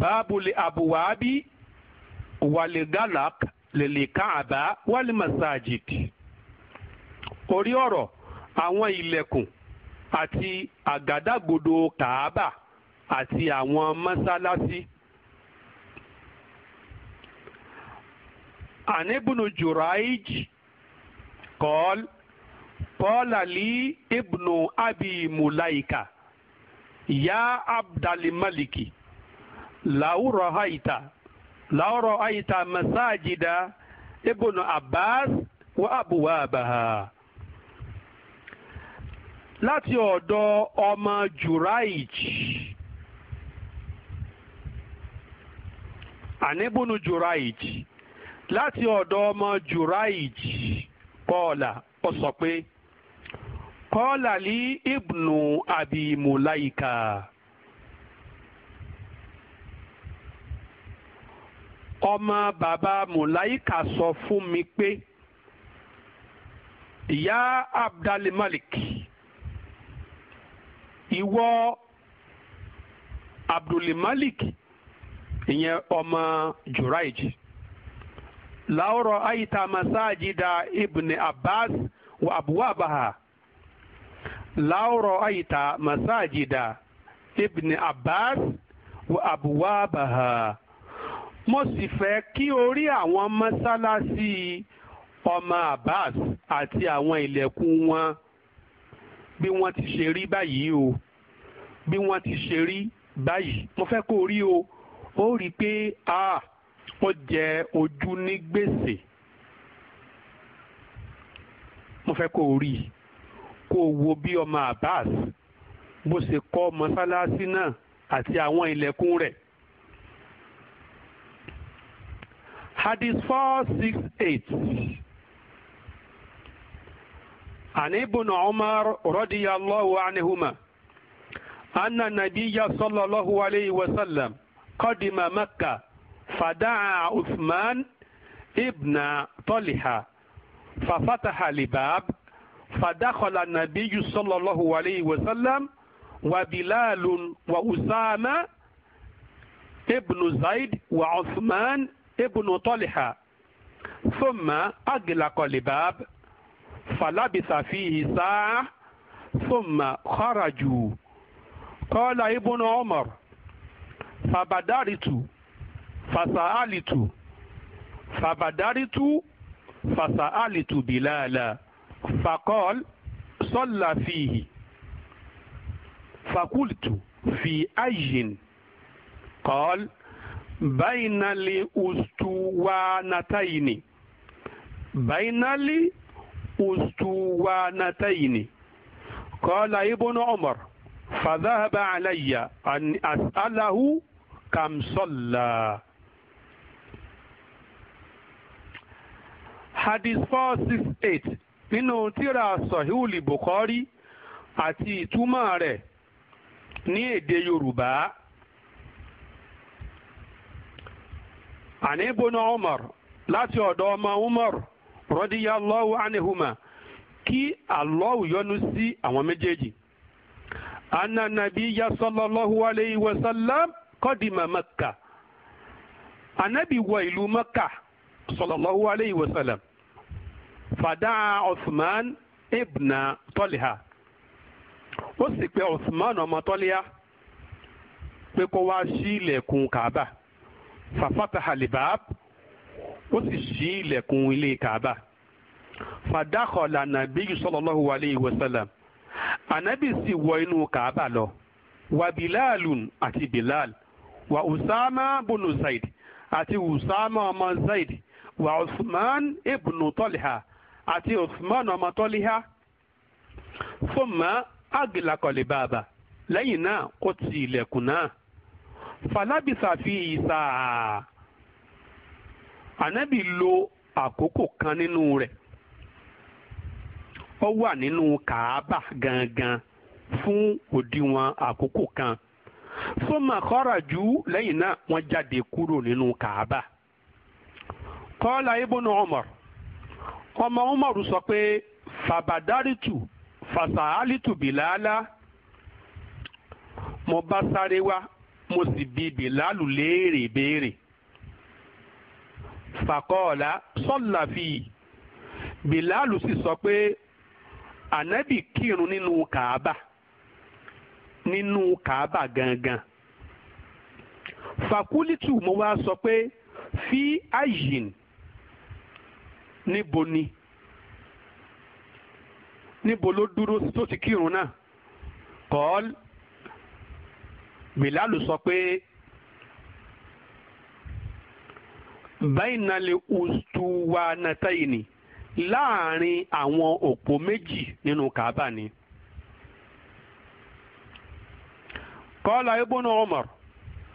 báàbùlẹ̀ àbùwábí wàlẹ̀gàlák lẹ̀lẹ̀kàbá wàlẹ̀màsáàjìd orí ọ̀rọ̀ àwọn ilẹ̀kùn àti àgádágodo kàábà àti àwọn mọ́sálásí. àníbùnú jùráìjì kọ́ọ́lù. قال لي ابن Abi مليكة يا عبد الملك láwùrọ̀ àìta láwùrọ̀ àìta masajida ibùn abbas wa abuwa abaha láti ọ̀dọ̀ ọmọ juraij àníbùnú juraij láti ọ̀dọ̀ ọmọ juraij kọ́ọ̀là ó sọ pé kọ́ọ̀là lí ibùnú àbí mùláìka. ọmọ bàbá mùláyíkà sọ fún mi pé ìyá abdulmalik ìwọ abdulmalik ìyẹn ọmọ juraiji láwùrọ àyíta masajida Ibni abbas wa abuwabaha láwùrọ masajida mo sì fẹ́ kí orí àwọn mọ́sálásí ọmọ Abbas àti àwọn ilẹ̀kùn wọn bí wọ́n ti ṣe rí báyìí o bí wọ́n ti ṣe rí báyìí mo fẹ́ kó rí o ó rí i pé a ó jẹ ojú ní gbèsè mo fẹ́ kó rí i kó o wo bí ọmọ Abbas bó ṣe kọ́ mọ́sálásí náà àti àwọn ilẹ̀kùn rẹ̀ hadith four six eight. عن ابن عمر رضي الله عنهما أن النبي صلى الله عليه وسلم قدم مكة فدعا عثمان ابن طلحة ففتح لباب فدخل النبي صلى الله عليه وسلم وبلال وأسامة ابن زيد وعثمان ابن طلحة ثم أغلق الباب فلبث فيه ساعة ثم خرجوا قال ابن عمر فبدرت فسألت فبدرت فسألت بلالا فقال صلى فيه فقلت في أي قال bainali ustuwanataini bainali ustuwanataini qala ibnu umar fadhahaba alayya an as'alahu kam salla hadith 468 nínú tírà sahihul bukhari àti ìtumọ̀ rẹ̀ ní èdè yorùbá àní ibùnà Umar láti ọ̀dọ̀ ọmọ Umar radiyallahu anihuma kí Allah yọ́nú sí àwọn méjèèjì anna nabiyya sallallahu alayhi wa sallam qadima Makka anabi wọ ìlú Makka sallallahu alayhi wa sallam fadaa Uthman ibna Talha ó sì pè Uthman ọmọ Talha pé kó wá sí ilẹ̀kùn fàfàtà halibab ó sì ṣí ilẹ̀kùn ilé kaaba fàdákọ̀lá nàbí sallallahu alayhi wa sallam ànábì sì wọ inú kaaba lọ wa bilalun àti bilal wa usama bunu zaid àti usama ọmọ zaid wa usman ibnu tọ́lìhà àti usman ọmọ tọ́lìhà fún mọ́ àgìlàkọ̀lẹ̀ bàbà lẹ́yìn náà ó ti ilẹ̀kùn náà. Falabisa fi ìsà ànábì lo àkókò kan nínú rẹ̀ ó wà nínú kàábà gangan fún òdiwọ̀n àkókò kan fúnma kharaju lẹ́yìn náà wọ́n jáde kúrò nínú kàábà kọ́lá ibùnú Umar ọmọ Umar sọ pé fàbàdárìtù fàṣàhálìtù bìlàálà mo bá sáré wá mo sì bi bìlálù léèrè béèrè fàkọọ̀lá sọ́làfì bìlálù sì sọ pé ànábì kírun nínú kàábà nínú kàábà gangan fàkúlítù mo wá sọ pé fi ayin níbo ni níbo ló dúró tó ti kírun náà kọ́ọ́lù. bilalu sọ pé bainali ustuwanataini láàrin àwọn òpó méjì nínú kaaba ni. kọ́lá ibùnú umar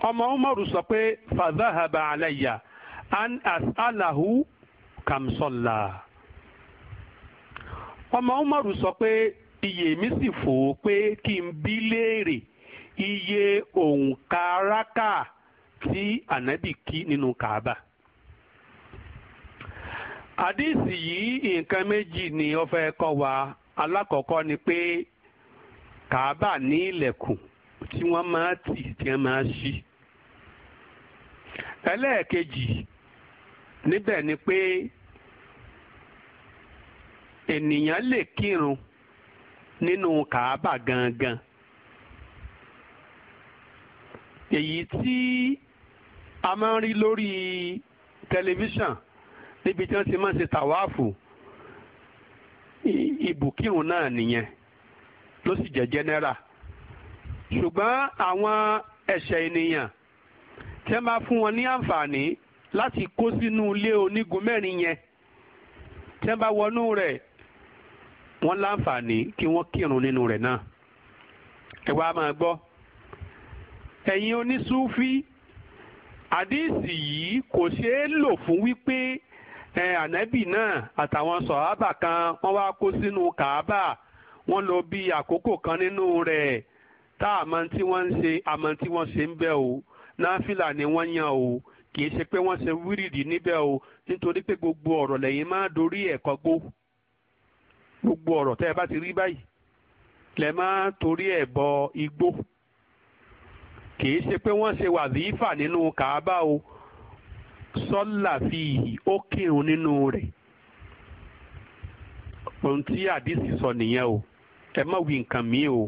ọmọ umaru sọ pé fàdáhàbà àlàyé an as'alahu kamsọ́là. ọmọ umaru sọ pé iyèmí sì fò ó pé kí n bí léèrè. iye òǹkà rákà tí ànábì kí nínú kàábà. àdísì yìí nǹkan méjì ni ó fẹ́ kọ́ wa alákọ̀ọ́kọ́ ni pé kàábà ní ilẹ̀kùn tí wọ́n máa tì tí wọ́n máa ṣí. ẹlẹ́ẹ̀kejì níbẹ̀ ni pé ènìyàn lè kírun nínú kàábà gangan èyí tí a máa ń rí lórí tẹlifíṣàn níbi tí wọ́n ti máa ń ṣe tàwáàfù ibùkírùn náà nìyẹn ló sì jẹ́ jẹ́nẹ́rà ṣùgbọ́n àwọn ẹ̀ṣẹ̀ ènìyàn tí wọ́n máa fún wọn ní àǹfààní láti kó sínú ilé onígun mẹ́rin yẹn tí wọ́n bá wọnú rẹ̀ wọ́n láǹfààní kí wọ́n kírun nínú rẹ̀ náà ẹ wá máa gbọ́ ẹ̀yin onísúfí àdíìsì yìí kò ṣeé lò fún wípé ànábì náà àtàwọn sọ̀hábà kan wọ́n wá kó sínú kàábà wọ́n lò bí àkókò kan nínú rẹ̀ tá àmọ́ tí wọ́n ń ṣe àmọ́ tí wọ́n ṣe ń bẹ̀ o náfìlà ni wọ́n yàn o kì í ṣe pé wọ́n ṣe wírìdì níbẹ̀ o nítorí pé gbogbo ọ̀rọ̀ lẹ́yìn máa dorí ẹ̀kọ́ gbó gbogbo ọ̀rọ̀ tẹ́ ẹ bá ti rí báyìí lẹ́ máa torí ẹ̀ bọ igbó kìí ṣe pé wọ́n ṣe wàzífà nínú kàábà o sọ́là fi yìí ó kírun nínú rẹ̀ ohun tí àdìsí sọ nìyẹn o ẹ má wí nǹkan mi o.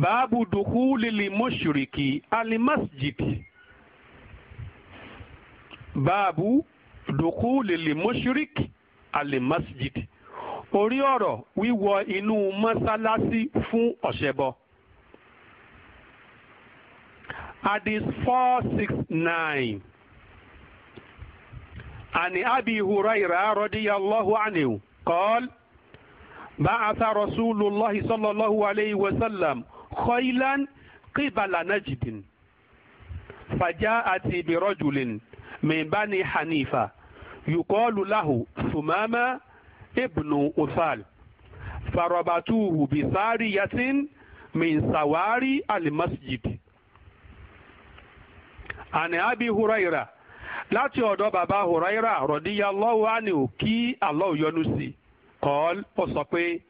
báàbù dùkú lílì mọ́ṣúrìkì alimasjidi báàbù dùkú lílì mọ́ṣúrìkì alimasjidi orí ọ̀rọ̀ wíwọ inú mọ́sálásí fún ọ̀ṣẹbọ hadith 469 عن أبي هريرة رضي الله عنه قال بعث رسول الله صلى الله عليه وسلم خيلا قبل نجد فجاءت برجل من بني حنيفة يقال له ثمامة ابن أثال فربطوه بسارية من سواري المسجد àní abi huraira láti ọ̀dọ̀ bàbá huraira radiyallahu anhu kí Allah yọ́nú sí kọ́ọ́l ó sọ pé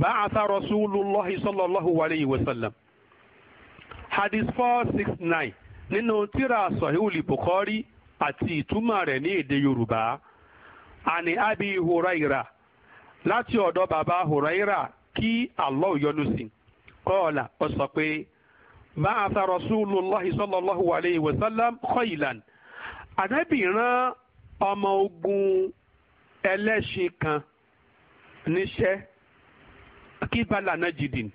ba'atha rasulullahi sallallahu alayhi wa sallam hadith four six nine nínú tírà sahihul bukhari àti ìtumọ̀ rẹ̀ ní èdè yorùbá àní huraira láti ọ̀dọ̀ bàbá huraira kí sí sọ ba'atha rasulullahi sallallahu alayhi wa sallam khaylan ànábì rán ọmọ ogun ẹlẹ́ṣin kan níṣẹ́ kíbalà najidin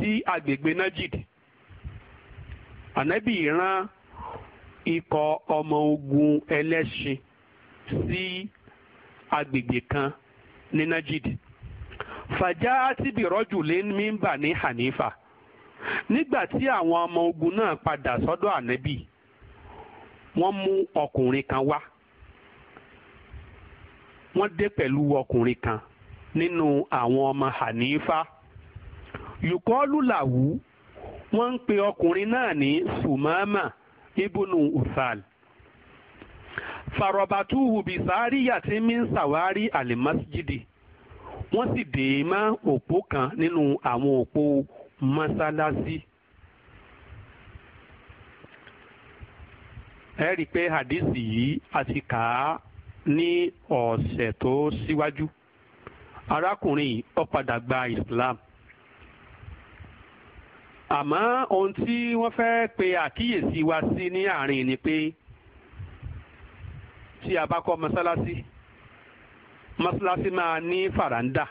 sí agbègbè najid ànábì rán ikọ̀ ọmọ ogun ẹlẹ́ṣin sí agbègbè kan ní najid fàjá àtibìrọ́jù lé ní bani hanifa nígbà tí àwọn ọmọ ogun náà padà sọ́dọ̀ ànábì wọ́n mú ọkùnrin kan wá wọ́n dé pẹ̀lú ọkùnrin kan nínú àwọn ọmọ hanifa yòkọ́lù làwù wọ́n ń pe ọkùnrin náà ní sùmámà ibùnú usal farobatuhu bisariya ti min sawari alimasjidi wọ́n sì dè é mọ́ òpó kan nínú àwọn òpó Masalasi, ẹ rí i pé hadisi yìí a ti kà á ní ọ̀sẹ̀ tó síwájú arákùnrin ó padà gba Islam àmọ́ ohun tí wọ́n fẹ́ pe àkíyèsí wa sí ní àárín ni pé tí a bá kọ́ mọ́sálásí mọ́sálásí máa ní fàràǹdà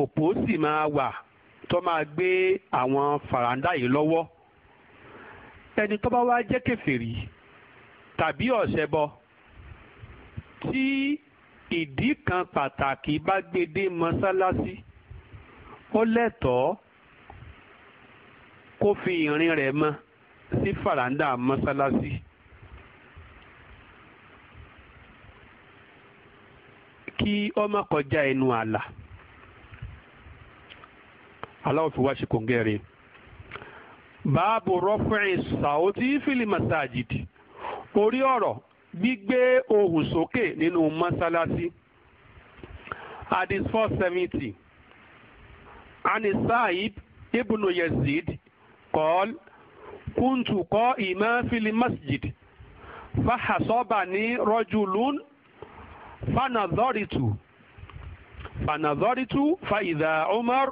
òpó sì máa wà tó máa gbé àwọn fàràǹdà yìí lọ́wọ́ ẹni tó bá wá jẹ́ kèfèrí tàbí ọ̀ṣẹbọ tí ìdí kan pàtàkì bá gbede mọ́sálásí ó lẹ́tọ̀ọ́ kó fi ìrìn rẹ̀ mọ́ sí fàràǹdà mọ́sálásí. kí ó kọjá ẹnu ààlà aláwọ̀ fi wá ṣe kòǹgẹ́ rẹ̀. báàbù rọ́fìn sàótì fìlì masajidi orí ọ̀rọ̀ gbígbé ohùn sókè nínú mọ́sálásí hadith four seventy anisaib ibnu yazid kọ́l kúntù kọ́ ìmọ̀ fìlì masjid fàhàsọ́bà ní rọ́jùlún fanadọ́rìtù fanadọ́rìtù fàìdà umar.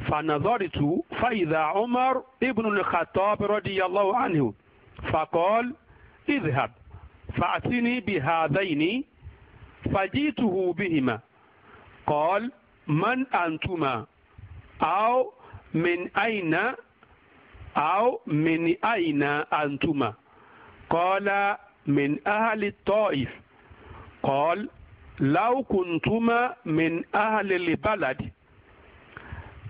فنظرت فإذا عمر ابن الخطاب رضي الله عنه فقال اذهب فأتني بهذين فجئته بهما قال من أنتما أو من أين أو من أين أنتما قال من أهل الطائف قال لو كنتما من أهل البلد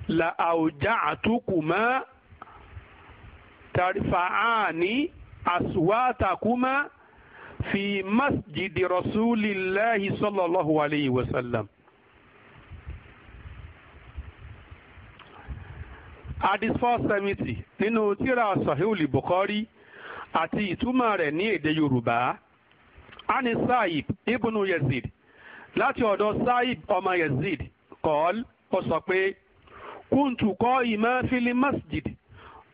la awja'tukuma tarfa'ani aswatakuma fi masjidi rasulillahi sallallahu alayhi wa sallam. Hadith 470 nínú tírà Sahihul Bukhari àti ìtumọ̀ rẹ̀ ní èdè Yorùbá. Ani Sa'ib ibnu Yazid láti ọ̀dọ̀ Sa'ib ọmọ Yazid kọ́ọ́l ó sọ pé kúntù kọ́ ìmọ̀ fili masjid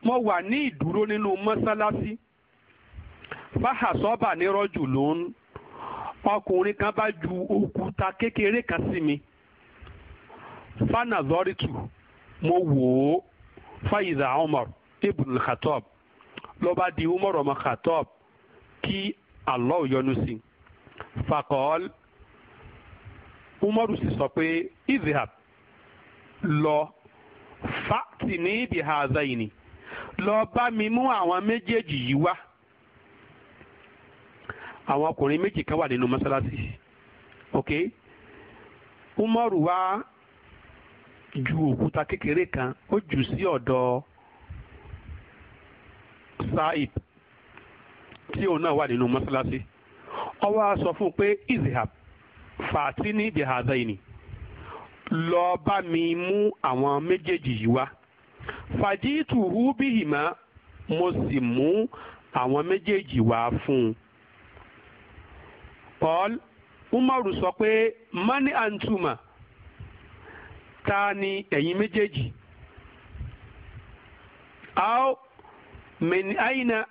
mo wà ní ìdúró nínú mọ́sálásí fáhàsọ́bà nírọ́jù ló ń ọkùnrin kan bá ju òkúta kékeré kan sí mi fanazọ́rìtù mo wò ó fayiza umar ibn khatob ló bá di umar ọmọ khatob kí allah yọ́nú sí fakọ́ọ́l umaru sì sọ pé izhab lọ fáàtì ní ibìhàzà yìí ni lọ bá mi mú àwọn méjèèjì yìí wá àwọn ọkùnrin méjì kan wà nínú mọ́sálásí ok umaru wa ju òkúta kékeré kan ó jù sí ọ̀dọ̀ saib tí òun náà wà nínú mọ́sálásí ó wá sọ fún un pé izihab fàtí ní ibìhàzà yìí ni lọ bá mi mú àwọn méjèèjì yìí wá fàjítù húbìhìmá mo sì mú àwọn méjèèjì wá fún un. paul umaru sọ pé mani antuma ta ni ẹ̀yin méjèèjì ao mini aina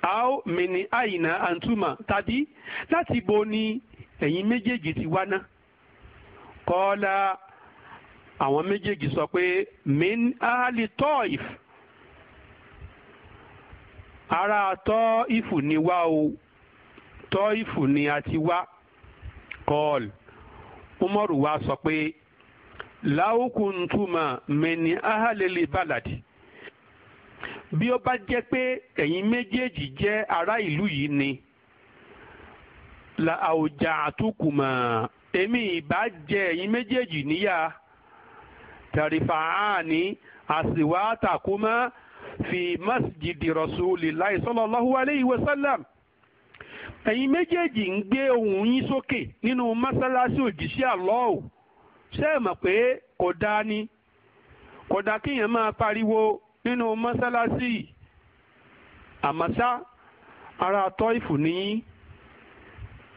ao mini aina antuma tàbí láti bo ni ẹ̀yin méjèèjì ti wá ná. kọ́lá àwọn méjèèjì sọ pé min ahali tọ́ìf ara tọ́ìfù ni wá o tọ́ìfù ni a ti wá kọ́ọ̀lù umaru wa sọ pé láwùkùntùmá min ahali lè bàlàdì bí ó bá jẹ́ pé ẹ̀yin méjèèjì jẹ́ ará ìlú yìí ni la àwùjá àtúkùmá èmi ìbá jẹ ẹ̀yin méjèèjì níyà. tẹ̀rìfàáni àsìwátàkùmá fi masjidi rasulillahi sallallahu alayhi wa sallam ẹ̀yin méjèèjì ń gbé ohun yín sókè nínú mọ́sálásí òjíṣẹ́ àlọ́ọ̀ ṣé ẹ mọ̀ pé kò dáa ni kò dáa kíyàn máa pariwo nínú mọ́sálásí àmọ́ṣá ara atọ ìfù ni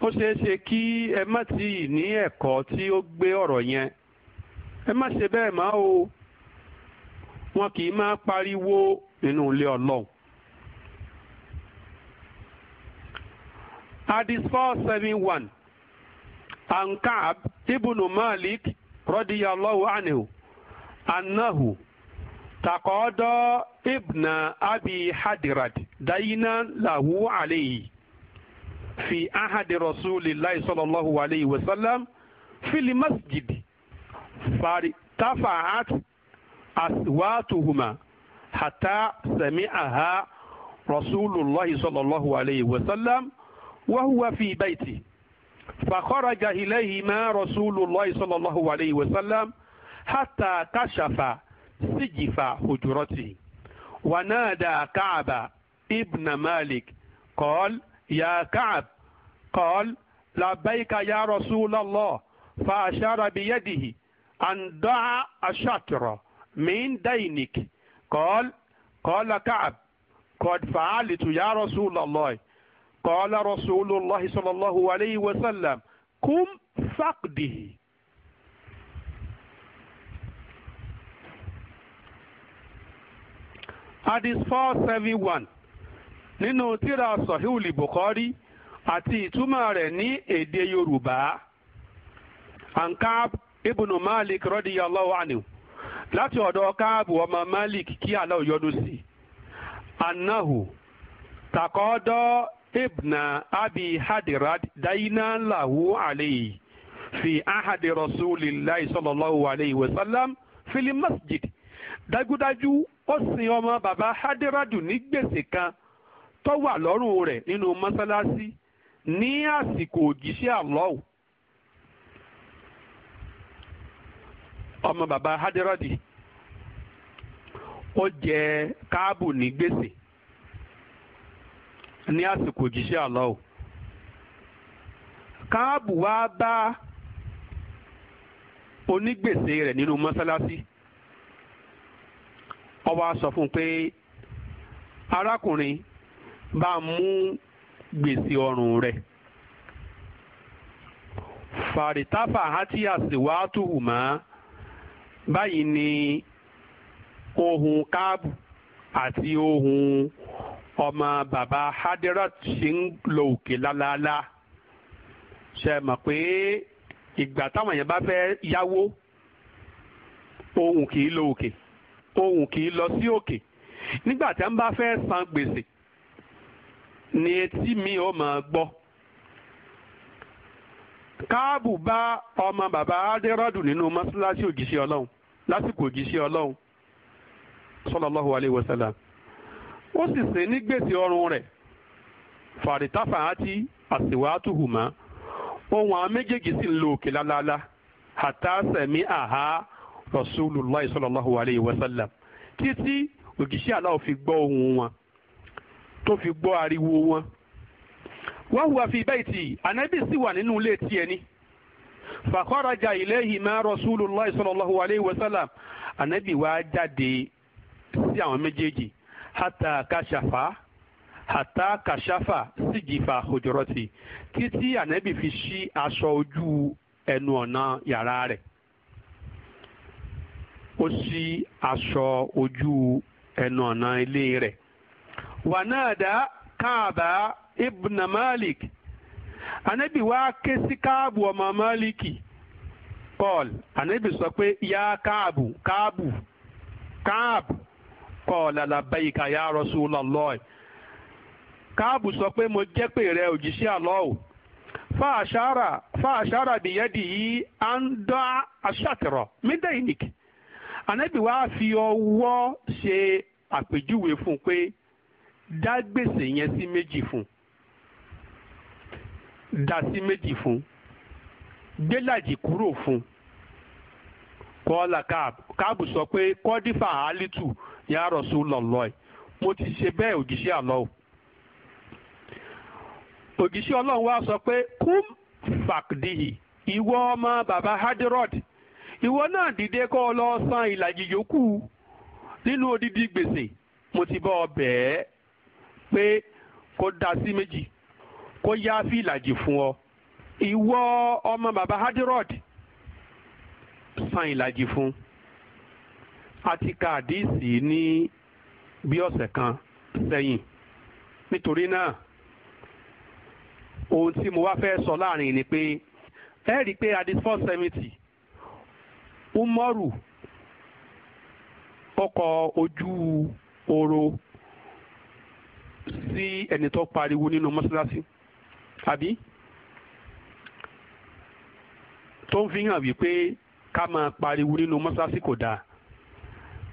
ó ṣeé ṣe kí ẹ ti ní ẹ̀kọ́ tí ó ẹ má ṣe bẹ́ẹ̀ má o wọn kì í máa pariwo nínú ilé ọlọ́run. Hadith four seven one an Ka'ab ibn Malik radiyallahu anhu annahu taqada ibna abi hadirad dayna lahu alayhi fi ahadi rasulillahi sallallahu alayhi wa sallam fil masjid الكفار تفعت أصواتهما حتى سمعها رسول الله صلى الله عليه وسلم وهو في بيته فخرج إليهما رسول الله صلى الله عليه وسلم حتى كشف سجف حجرته ونادى كعب ابن مالك قال يا كعب قال لبيك يا رسول الله فأشار بيده أن دعا الشاكر من دينك قال قال كعب قد فعلت يا رسول الله قال رسول الله صلى الله عليه وسلم قم فقده Hadith 471 nínú tírà Sahihul Bukhari àti ìtumọ̀ rẹ̀ ní èdè Yorùbá. Ankab ibùnú malik radiyallahu anhu láti ọ̀dọ̀ káàbù ọmọ malik kí Allah yọ́nú sí anahu takọ́dọ̀ ibna abi hadirad dayna lahu alayhi fi ahadi rasulillahi sallallahu alayhi wa sallam fili masjid dájúdájú ó sin ọmọ baba hadiradu ní gbèsè kan tó wà lọ́rùn rẹ̀ nínú mọ́sálásí ní àsìkò òjíṣẹ́ àlọ́ọ̀ ọmọ bàbá hadirodi ó jẹ káàbù ní gbèsè ní àsìkò òjíṣẹ́ àlọ́ o káàbù wá bá onígbèsè rẹ̀ nínú mọ́sálásí ó wá sọ fún un pé arákùnrin bá mú gbèsè ọrùn rẹ̀ fàrítàfà hátìyà sì wá báyìí ni ohun káàbù àti ohun ọmọ bàbá hadirat ṣe ń lo òkè lálálá ṣe mọ̀ pé ìgbà táwọn yẹn bá fẹ́ yáwó ohun kì í lo òkè ohun kì í lọ sí òkè nígbà tí wọ́n bá fẹ́ san gbèsè ni etí mi ò mọ̀ gbọ́ káàbù bá ọmọ bàbá adérọ́dù nínú mọ́ṣáláṣí òjíṣẹ́ ọlọ́run lásìkò òjíṣẹ́ ọlọ́run sallallahu alayhi wa sallam ó sì ṣe ní gbèsè ọrùn rẹ̀ fàrítàfà àti àsìwàátùhùmá ohun àwọn méjèèjì sì ń lo òkè lálálá àtàsẹ̀mí àhá rasulullah sallallahu alayhi wa sallam títí òjíṣẹ́ aláwọ̀ fi gbọ́ ohun wọn tó fi gbọ́ ariwo wọn wáhùwà fi bayti ànábì sì wà nínú ilé tiẹ̀ ni fàkọ́rajà ilayhi ma rasulullah sallallahu alayhi wa sallam ànábì wa jáde sí àwọn méjèèjì hata kashafa hata kashafa síjìfà hujurati títí ànábì fi ṣí aṣọ ojú ẹnu ọ̀nà yàrá rẹ̀ ó ṣí aṣọ ojú ẹnu ọ̀nà ilé rẹ̀ wà náà dá káàbà ibn malik anabi wá ké sí káàbù ọmọ málìkì paul anabi sọ pé ya káàbù káàbù káàbù paul alabayika ya Rasulullah káàbù sọ pé mo jẹ́ pé rẹ òjíṣẹ́ àlọ́ọ̀ fàṣàrà fàṣàrà bìyẹ́dì yìí à ń dá aṣàtìrọ̀ mídẹ́yìnìk anabi wá fi ọwọ́ ṣe àpèjúwe fún un pé dá gbèsè yẹn sí méjì fún un dasi méjì fún gbélàjì kúrò fún kọ́lá káàbù káàbù sọ pé kọ́dífà hálítù ya Rasulullah mo ti ṣe bẹ́ẹ̀ òjíṣẹ́ àlọ́ o òjíṣẹ́ ọlọ́run wá sọ pé kum fàkdìhì ìwọ ọmọ bàbá hadirod ìwọ náà dìde kọ́ ọ lọ san ìlàjì yòókù nínú odidi gbèsè mo ti bọ́ ọ bẹ́ẹ̀ pé kó dá méjì. kó yá fìlàjì fún ọ ìwọ ọmọ baba hadirod san ìlàjì fún àti ka àdíìsì ní bí ọ̀sẹ̀ kan sẹ́yìn nítorí náà ohun tí mo wá fẹ́ sọ láàrin ni pé ẹ rí i pé adis four seventy umoru ọkọ̀ ojú oro sí ẹni tó pariwo nínú mọ́ṣáláṣí. No àbí tó ń fi hàn wípé ká máa pariwo nínú mọ́sáàsì kò dáa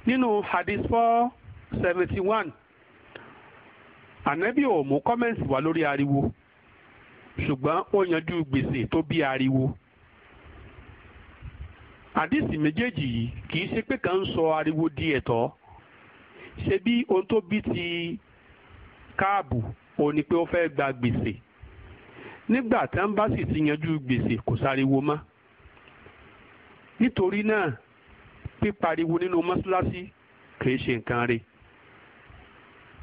nínú hadith four seventy one ànábì ò mú kọ́mẹ́ǹsì wá lórí ariwo ṣùgbọ́n ó yanjú gbèsè tó bí ariwo àdìsí méjèèjì yìí kì í ṣe pé kàn ń sọ ariwo di ẹ̀tọ́ ṣe bí ohun tó bí ti káàbù òun ni pé ó fẹ́ gba gbèsè nígbà tá ń bá sì ti yanjú gbèsè kò sáriwo mọ́ nítorí náà pípariwo nínú mọ́ṣáláṣí kìí ṣe nǹkan rẹ̀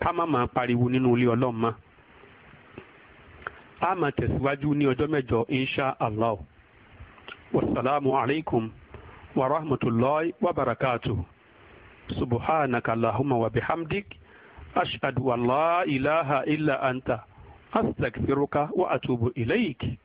ká má máa pariwo nínú ilé ọlọ́run mọ́ a máa tẹ̀síwájú ní ọjọ́ mẹ́jọ insha allah wasalaamu alaykum wa rahmatulahi wa barakatuhu subhanaka allahumma wa bihamdik ashhadu an la ilaha illa anta. أستغفرك وأتوب إليك